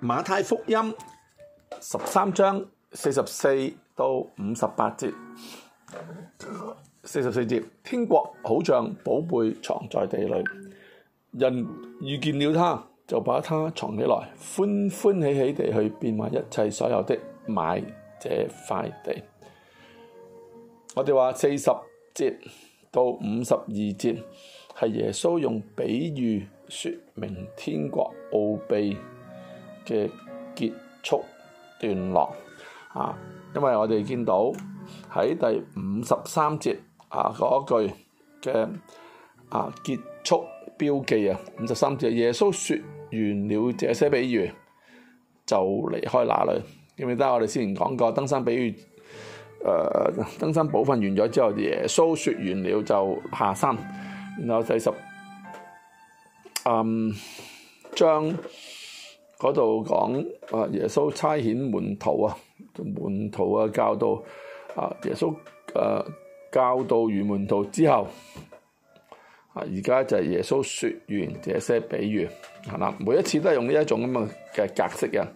馬太福音十三章四十四到五十八節，四十四節，天國好像寶貝藏在地裏，人遇見了他，就把他藏起來，歡歡喜喜地去變賣一切所有的，買這塊地。我哋話四十節到五十二節，係耶穌用比喻說明天國奧秘嘅結束段落啊，因為我哋見到喺第五十三節啊嗰句嘅啊結束標記啊，五十三節耶穌說完了這些比喻就離開那裏，記唔記得我哋先前講過登山比喻？誒、呃，登山部分完咗之後，耶穌說完了就下山，然後第十嗯將。嗰度講啊，耶穌差遣門徒啊，門徒啊教導啊，耶穌誒、呃、教導完門徒之後，啊而家就係耶穌説完這些比喻，係啦，每一次都係用呢一種咁嘅嘅格式嘅。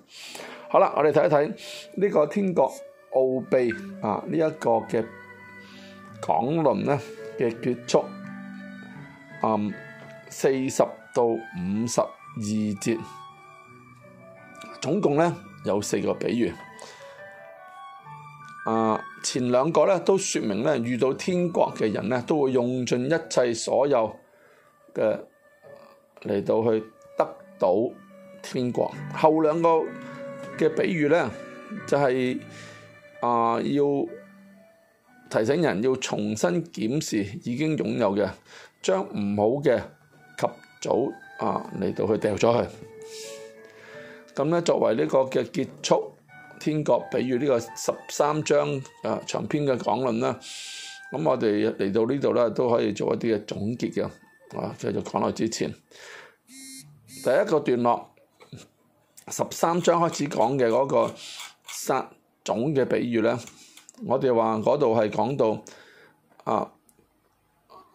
好啦，我哋睇一睇呢個天國奧秘啊，呢、這、一個嘅講論咧嘅結束，嗯，四十到五十二節。總共咧有四個比喻，啊、呃、前兩個咧都説明咧遇到天國嘅人咧都會用盡一切所有嘅嚟到去得到天國，後兩個嘅比喻咧就係、是、啊、呃、要提醒人要重新檢視已經擁有嘅，將唔好嘅及早啊嚟到去掉咗佢。咁咧，作為呢個嘅結束，天國比喻呢個十三章啊長篇嘅講論啦，咁我哋嚟到呢度咧都可以做一啲嘅總結嘅。啊，繼續講落之前，第一個段落十三章開始講嘅嗰個撒種嘅比喻咧，我哋話嗰度係講到啊，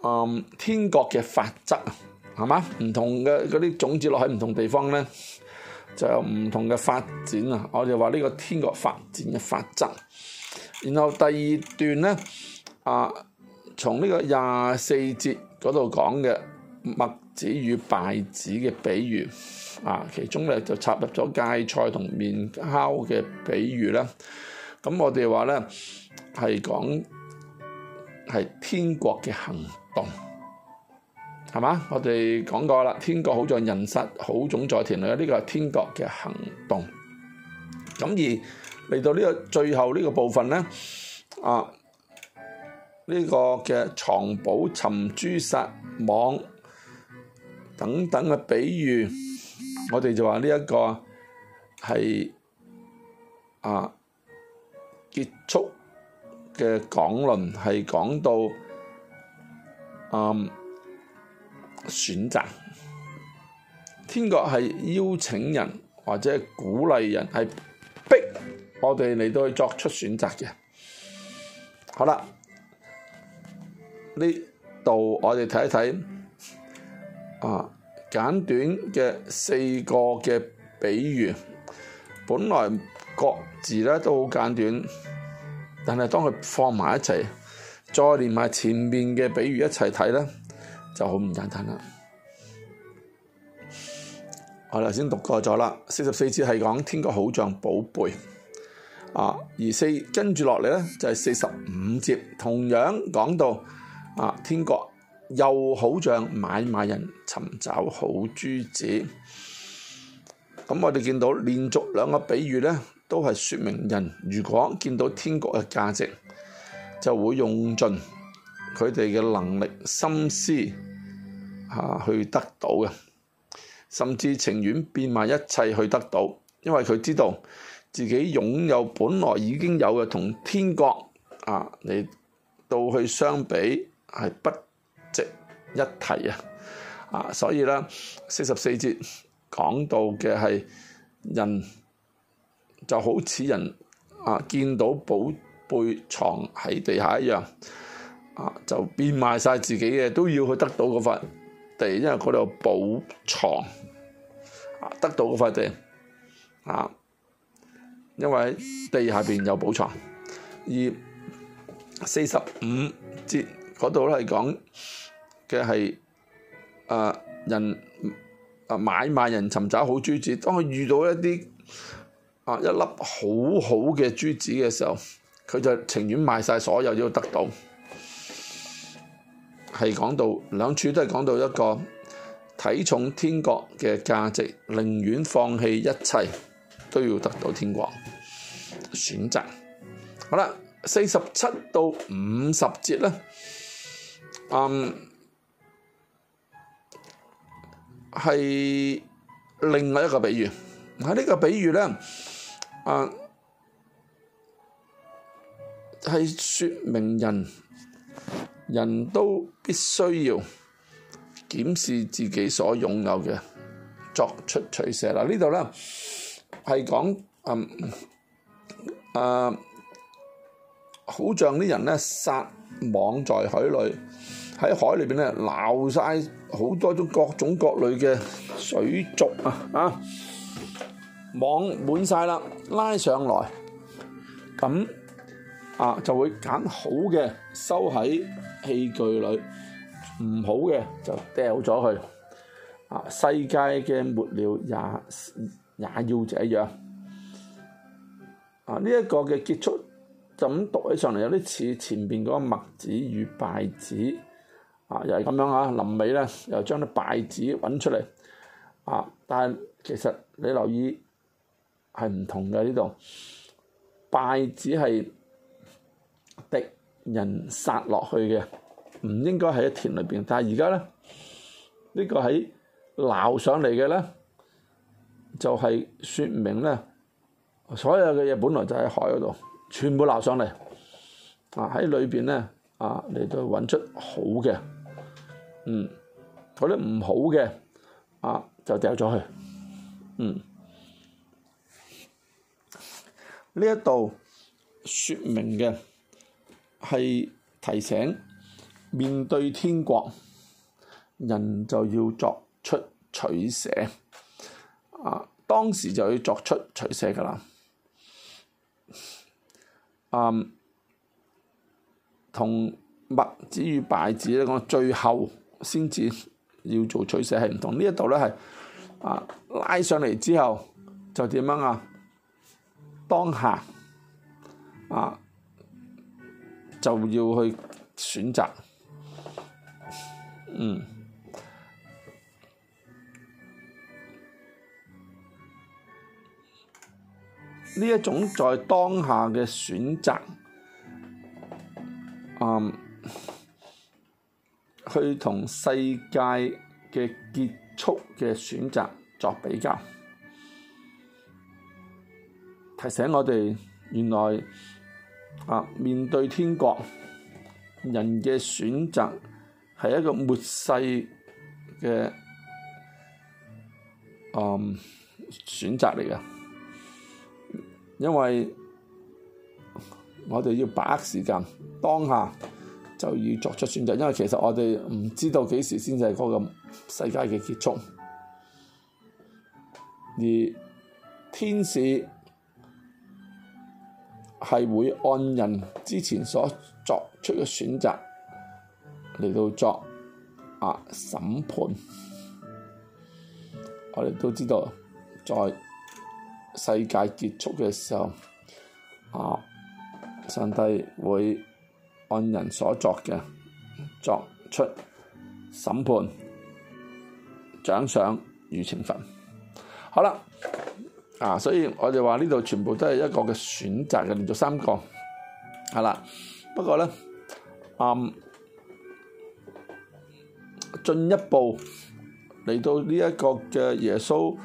嗯，天國嘅法則啊，係嘛？唔同嘅嗰啲種子落喺唔同地方咧。就有唔同嘅發展啊！我哋話呢個天國發展嘅法則。然後第二段咧，啊，從呢個廿四節嗰度講嘅麥子與稗子嘅比喻，啊，其中咧就插入咗芥菜同麵酵嘅比喻啦。咁我哋話咧係講係天國嘅行動。係嘛？我哋講過啦，天國好在人撒好種在田裏，呢個係天國嘅行動。咁而嚟到呢個最後呢個部分咧，啊，呢個嘅藏寶尋珠撒網等等嘅比喻，我哋就話呢一個係啊結束嘅講論，係講到啊，選擇，天國係邀請人或者鼓勵人，係逼我哋嚟到作出選擇嘅。好啦，呢度我哋睇一睇，啊簡短嘅四個嘅比喻，本來各自咧都好簡短，但係當佢放埋一齊，再連埋前面嘅比喻一齊睇咧。就好唔簡單啦！我頭先讀過咗啦，四十四節係講天國好像寶貝啊，而四跟住落嚟咧，就係四十五節，同樣講到啊天國又好像買賣人尋找好珠子。咁我哋見到連續兩個比喻咧，都係説明人如果見到天國嘅價值，就會用盡佢哋嘅能力心思。啊、去得到嘅，甚至情願變賣一切去得到，因為佢知道自己擁有本來已經有嘅同天國啊，你到去相比係不值一提啊！啊，所以啦，四十四節講到嘅係人就好似人啊見到寶貝藏喺地下一樣，啊就變賣晒自己嘅都要去得到嗰份。地，因為嗰度有寶藏，得到嗰塊地，啊，因為喺地下邊有寶藏。而四十五節嗰度都係講嘅係，啊，人啊買賣人尋找好珠子，當佢遇到一啲啊一粒好好嘅珠子嘅時候，佢就情願賣晒所有都要得到。係講到兩處都係講到一個睇重天國嘅價值，寧願放棄一切都要得到天國選擇。好啦，四十七到五十節咧，嗯，係另外一個比喻。喺呢個比喻咧，啊、嗯，係說明人。人都必須要檢視自己所擁有嘅，作出取捨。嗱，呢度咧係講嗯啊，好像啲人咧撒網在海裡，喺海裏邊咧撈晒好多種各種各類嘅水族啊啊！網滿晒啦，拉上來咁。啊，就會揀好嘅收喺器具裏，唔好嘅就掉咗佢。啊，世界嘅末了也也要這樣。啊，呢、這、一個嘅結束就咁讀起上嚟，有啲似前邊嗰個麥子與稗子。啊，又係咁樣啊，臨尾咧又將啲稗子揾出嚟。啊，但係其實你留意係唔同嘅呢度，稗子係。敵人殺落去嘅，唔應該喺田裏邊。但係而家咧，這個、呢個喺撈上嚟嘅咧，就係、是、説明咧，所有嘅嘢本來就喺海嗰度，全部撈上嚟，啊喺裏邊咧，啊你都揾出好嘅，嗯，嗰啲唔好嘅，啊就掉咗去，嗯，呢一度説明嘅。係提醒，面對天國，人就要作出取捨。啊，當時就要作出取捨㗎喇。嗯，同麥子與稗子咧講最後先至要做取捨係唔同，呢一度咧係啊拉上嚟之後就點樣啊？當下啊！就要去選擇，嗯，呢一種在當下嘅選擇，嗯，去同世界嘅結束嘅選擇作比較，提醒我哋原來。啊、面對天國，人嘅選擇係一個末世嘅啊、嗯、選擇嚟嘅，因為我哋要把握時間，當下就要作出選擇，因為其實我哋唔知道幾時先至係嗰個世界嘅結束，而天使。係會按人之前所作出嘅選擇嚟到作啊審判。我哋都知道，在世界結束嘅時候，啊，上帝會按人所作嘅作出審判、獎賞與懲罰。好啦。啊，所以我哋話呢度全部都係一個嘅選擇嘅，連續三個係啦。不過咧，啊、嗯、進一步嚟到呢一個嘅耶穌誒、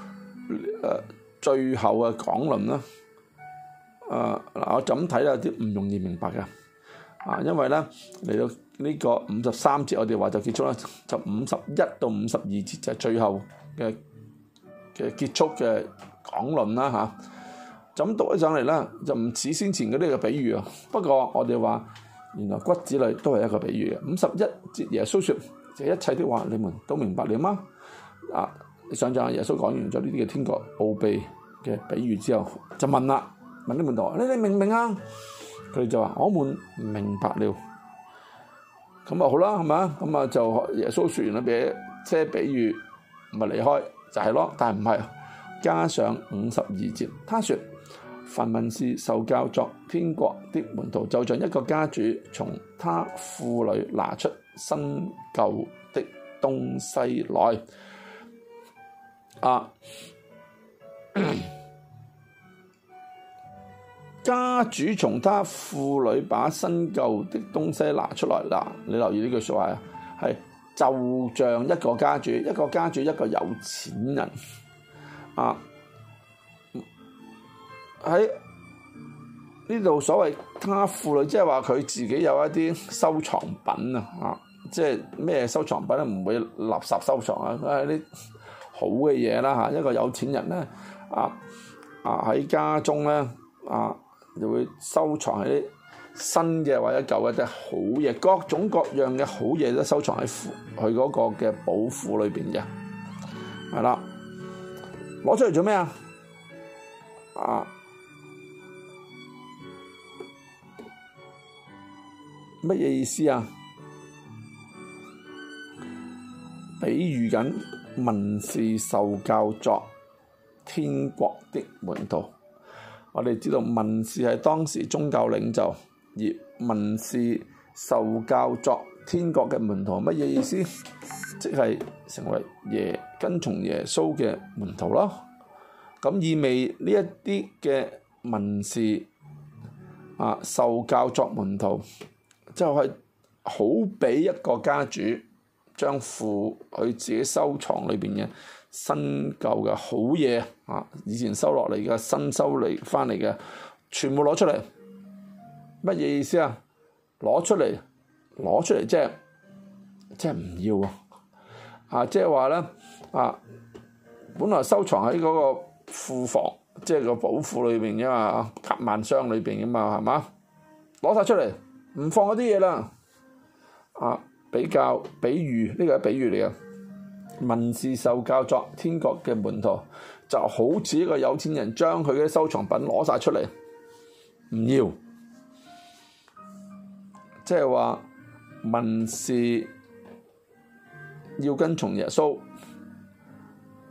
呃、最後嘅講論啦。誒、呃、嗱，我就咁睇有啲唔容易明白嘅啊，因為咧嚟到呢個五十三節，我哋話就結束啦，就五十一到五十二節就係、是、最後嘅嘅結束嘅。講論啦，吓，咁讀起上嚟，咧就唔似先前嗰啲嘅比喻啊。不過我哋話，原來骨子裏都係一個比喻嘅。五十一節耶穌說：，這一切的話，你們都明白了嗎？啊，你想象吓耶穌講完咗呢啲嘅天國奧秘嘅比喻之後，就問啦，問啲門徒：，你哋明唔明啊？佢哋就話：，我們明白了。咁啊好啦，係咪啊？咁啊就耶穌說完咗俾些比喻，咪離開就係、是、咯。但係唔係。加上五十二節，他說：凡文士受教作天國的門徒，就像一個家主從他婦女拿出新舊的東西來。啊， 家主從他婦女把新舊的東西拿出來嗱，啊，你留意呢句説話啊，係就像一個家主，一個家主，一個有錢人。啊，喺呢度所謂家富女，即係話佢自己有一啲收藏品啊，即係咩收藏品都唔會垃圾收藏的啊，佢係啲好嘅嘢啦吓，一個有錢人咧，啊啊喺家中咧，啊就會收藏喺啲新嘅或者舊嘅即係好嘢，各種各樣嘅好嘢都收藏喺佢嗰個嘅寶庫裏邊嘅，係啦。攞出嚟做咩啊？啊，乜嘢意思啊？比喻緊文士受教作天國的門徒。我哋知道文士係當時宗教領袖，而文士受教作天國嘅門徒，乜嘢意思？即係成為耶。跟從耶穌嘅門徒咯，咁意味呢一啲嘅文士啊，受教作門徒，就係好俾一個家主將庫佢自己收藏裏邊嘅新舊嘅好嘢啊，以前收落嚟嘅新收嚟翻嚟嘅，全部攞出嚟，乜嘢意思啊？攞出嚟，攞出嚟、即係，即係即係唔要啊！啊，即係話咧。啊！本來收藏喺嗰個庫房，即係個寶庫裏邊嘅嘛，夾萬箱裏邊嘅嘛，係嘛？攞晒出嚟，唔放嗰啲嘢啦。啊，比較，比喻，呢個係比喻嚟嘅。文士受教作天國嘅門徒，就好似一個有錢人將佢嘅收藏品攞晒出嚟，唔要。即係話文士要跟從耶穌。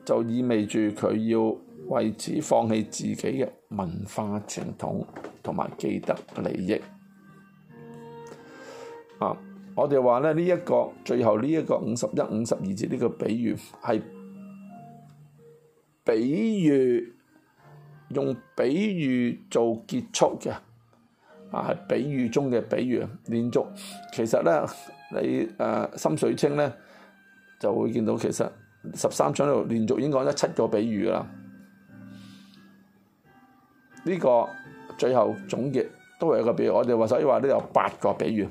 就意味住佢要為此放棄自己嘅文化傳統同埋既得利益、啊、我哋話咧呢一、呢個最後呢、呢、一個五十一、五十二節呢個比喻係比喻用比喻做結束嘅啊，係比喻中嘅比喻啊！連續其實呢，你誒心、啊、水清呢，就會見到其實。十三章度連續已經講咗七個比喻啦，呢個最後總結都係一個比喻。我哋話所以話呢有八個比喻，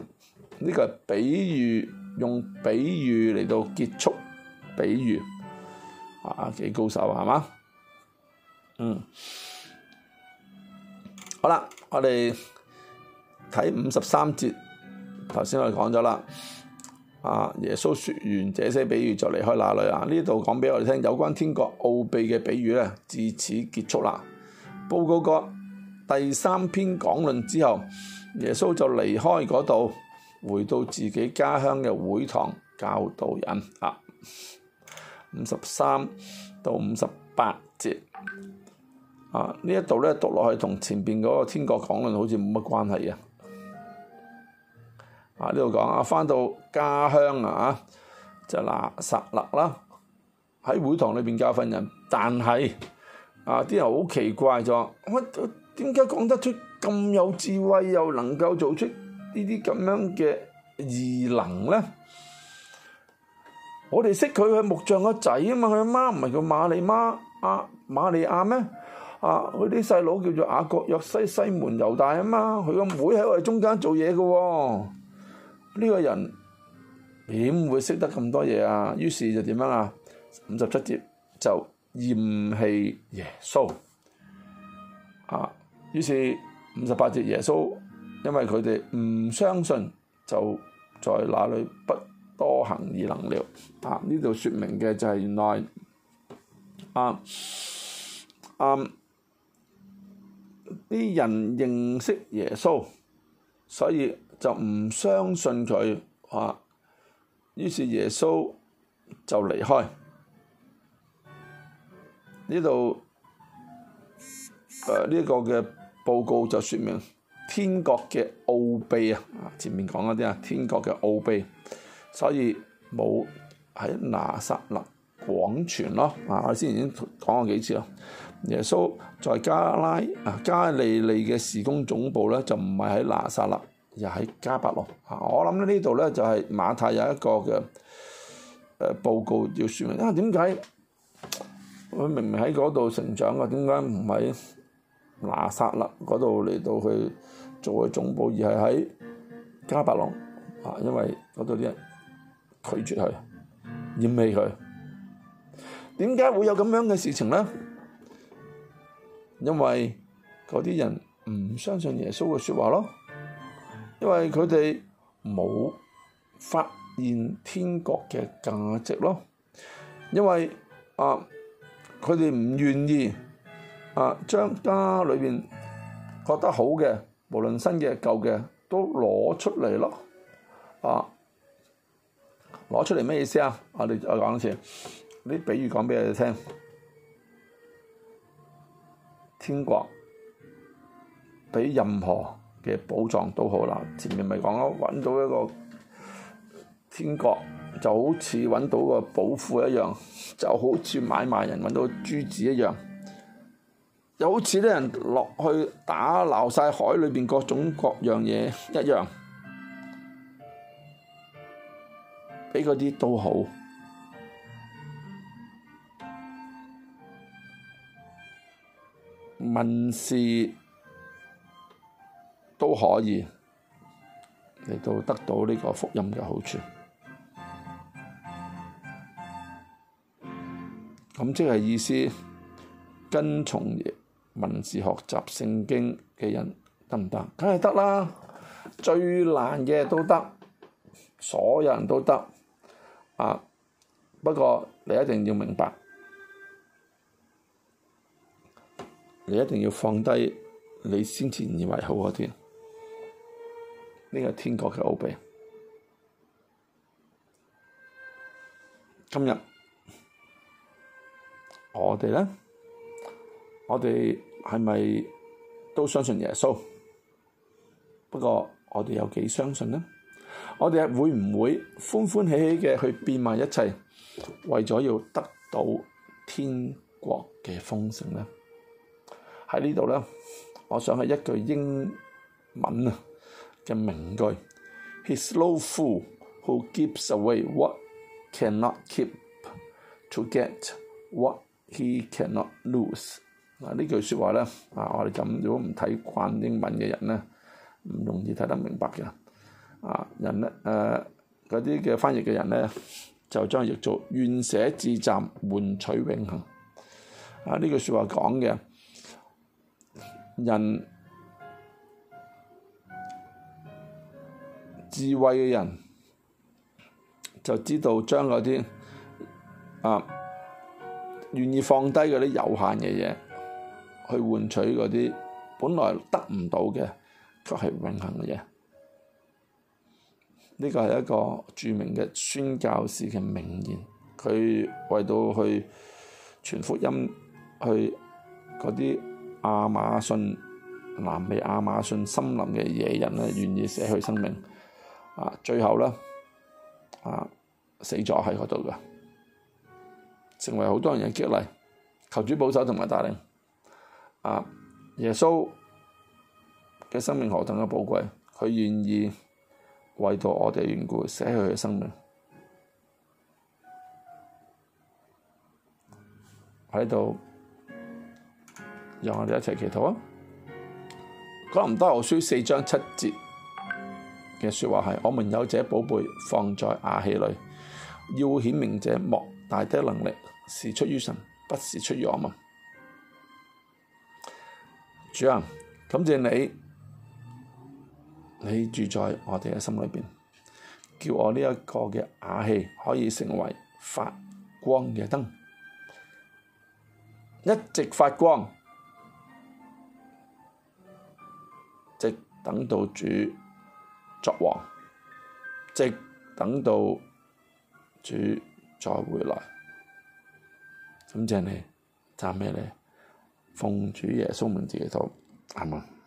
呢個比喻用比喻嚟到結束比喻，啊，幾高手啊，係嘛？嗯，好啦，我哋睇五十三節，頭先我哋講咗啦。啊！耶穌説完這些比喻就離開那裏啊！呢度講俾我哋聽有關天國奧秘嘅比喻咧，至此結束啦。報告過第三篇講論之後，耶穌就離開嗰度，回到自己家鄉嘅會堂教導人啊，五十三到五十八節啊！呢一度咧讀落去同前邊嗰個天國講論好似冇乜關係啊！啊！呢度講啊，翻到家鄉啊，就拿、是、撒勒啦。喺會堂裏邊教訓人，但係啊，啲人好奇怪，就、啊、話：我點解講得出咁有智慧，又能夠做出呢啲咁樣嘅異能咧？我哋識佢，佢木匠個仔啊嘛，佢阿媽唔係叫瑪利媽亞、啊、瑪利亞咩？啊，佢啲細佬叫做雅各約西西門猶大啊嘛，佢個妹喺我哋中間做嘢嘅。呢、這個人點會識得咁多嘢啊？於是就點樣就啊？五十七節就嫌棄耶穌啊！於是五十八節耶穌因為佢哋唔相信，就在那裏不多行異能了啊！呢度説明嘅就係原來啊啊，啲人認識耶穌，所以。就唔相信佢，啊！於是耶穌就離開呢度。呢、呃這個嘅報告就説明天國嘅奧秘啊！前面講嗰啲啊，天國嘅奧秘，所以冇喺拿撒勒廣傳咯。啊，我之前已經講過幾次咯。耶穌在加拉啊加利利嘅時工總部咧，就唔係喺拿撒勒。又喺迦百農，嚇！我諗呢度咧就係馬太有一個嘅誒報告要説明，因、啊、為點解佢明明喺嗰度成長嘅，點解唔喺拿撒勒嗰度嚟到去做佢總部，而係喺迦百農啊？因為嗰度啲人拒絕佢，厭棄佢，點解會有咁樣嘅事情咧？因為嗰啲人唔相信耶穌嘅説話咯。因為佢哋冇發現天國嘅價值咯，因為啊，佢哋唔願意啊將家裏面覺得好嘅，無論新嘅舊嘅，都攞出嚟咯，啊，攞出嚟咩意思啊？我哋我講一次，啲比喻講俾你聽，天國比任何。嘅寶藏都好啦，前面咪講咯，揾到一個天國，就好似揾到個寶庫一樣，就好似買賣人揾到個珠子一樣，又好似啲人落去打撈晒海裏邊各種各樣嘢一樣，比嗰啲都好，民事。都可以嚟到得到呢個福音嘅好處。咁即係意思，跟從文字學習聖經嘅人得唔得？梗係得啦，最難嘅都得，所有人都得。啊，不過你一定要明白，你一定要放低你先前以為好嗰啲。呢個係天國嘅奧秘，今日我哋咧，我哋係咪都相信耶穌？不過我哋有幾相信咧？我哋係會唔會歡歡喜喜嘅去變賣一切，為咗要得到天國嘅豐盛咧？喺呢度咧，我想起一句英文啊嘅名句，He's no fool who gives away what cannot keep to get what he cannot lose。嗱呢句説話咧，啊我哋咁如果唔睇慣英文嘅人咧，唔容易睇得明白嘅。啊人咧誒嗰啲嘅翻譯嘅人咧，就將譯做願捨自暫換取永恆。啊呢句説話講嘅人。智慧嘅人就知道將嗰啲啊願意放低嗰啲有限嘅嘢，去換取嗰啲本來得唔到嘅，卻係永恆嘅嘢。呢個係一個著名嘅宣教士嘅名言。佢為到去傳福音，去嗰啲亞馬遜南美亞馬遜森林嘅野人咧，願意捨去生命。啊！最後啦，啊死咗喺嗰度噶，成為好多人嘅激勵，求主保守同埋帶領。啊，耶穌嘅生命何等嘅寶貴，佢願意為咗我哋嘅緣故捨棄佢嘅生命，喺度讓我哋一齊祈禱啊！講唔多，我書四章七節。嘅説話係：我們有這寶貝放在瓦器裏，要顯明者莫大的能力是出於神，不是出於我們。主人、啊，感謝你，你住在我哋嘅心裏邊，叫我呢一個嘅瓦器可以成為發光嘅燈，一直發光，直等到主作王，即等到主再回來，咁即係你讚咩呢？奉主耶穌名字嚟做，阿門。